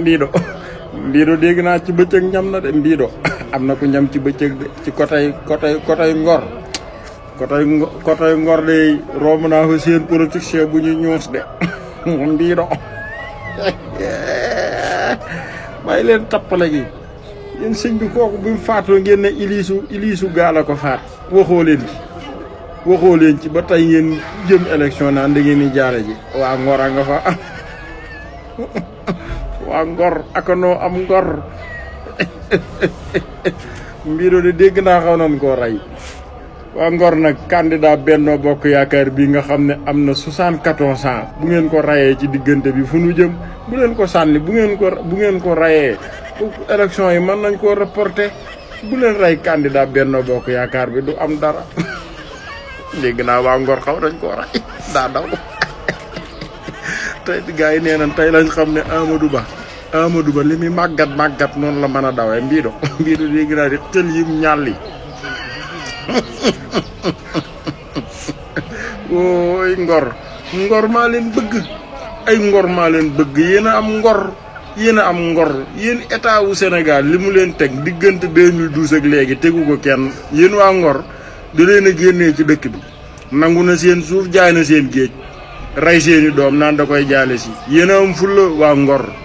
ndiiɗo ndiiɗo dégg naa ci bëccëg ñam na de ndiiɗo amna ku ñam ci bëccëg de ci côté côté côté ngor côté kota ngor de romb naa fa seen politicien bu ñu de moom may leen tapale gi yeen sëñ bi koku bu faato ngeen ne ilisu ilisu gala ko faat waxo leen waxoo leen ci ba tey ngeen jëm élection naan da ngeen di jaare ji waa ngor a nga fa am waa ngor akanoo am ngor mbiiroo de dégg naa xaw nañ koo rey waa ngor nag candidat Benno Bokk Yaakaar bi nga xam ne am na soixante-quatorze ans bu ngeen ko rayee ci diggante bi fu nu jëm bu leen ko sànni bu ngeen ko bu ngeen ko rayee élection yi mën nañ ko reporter bu leen rey candidat Benno Bokk Yaakaar bi du am dara di ah, ah, naa wa Ngor xaw dañ ko rey daa daw tey gars yi nee nañ lañ xam ne Amadou Ba Amadou Ba li muy magat màggat noonu la mën a dawee di xel yim ñàll yi Ngor Ngor maa leen bëgg ay Ngor maa leen bëgg am Ngor yéen am Ngor yéen état wu Sénégal limu leen 2012 ak légui kenn wa Ngor da leen a génnee ci dëkk bi nangu na seen suuf jaay na seen géej rey seeni doom naan da koy jaale si yéen am fulla waa ngor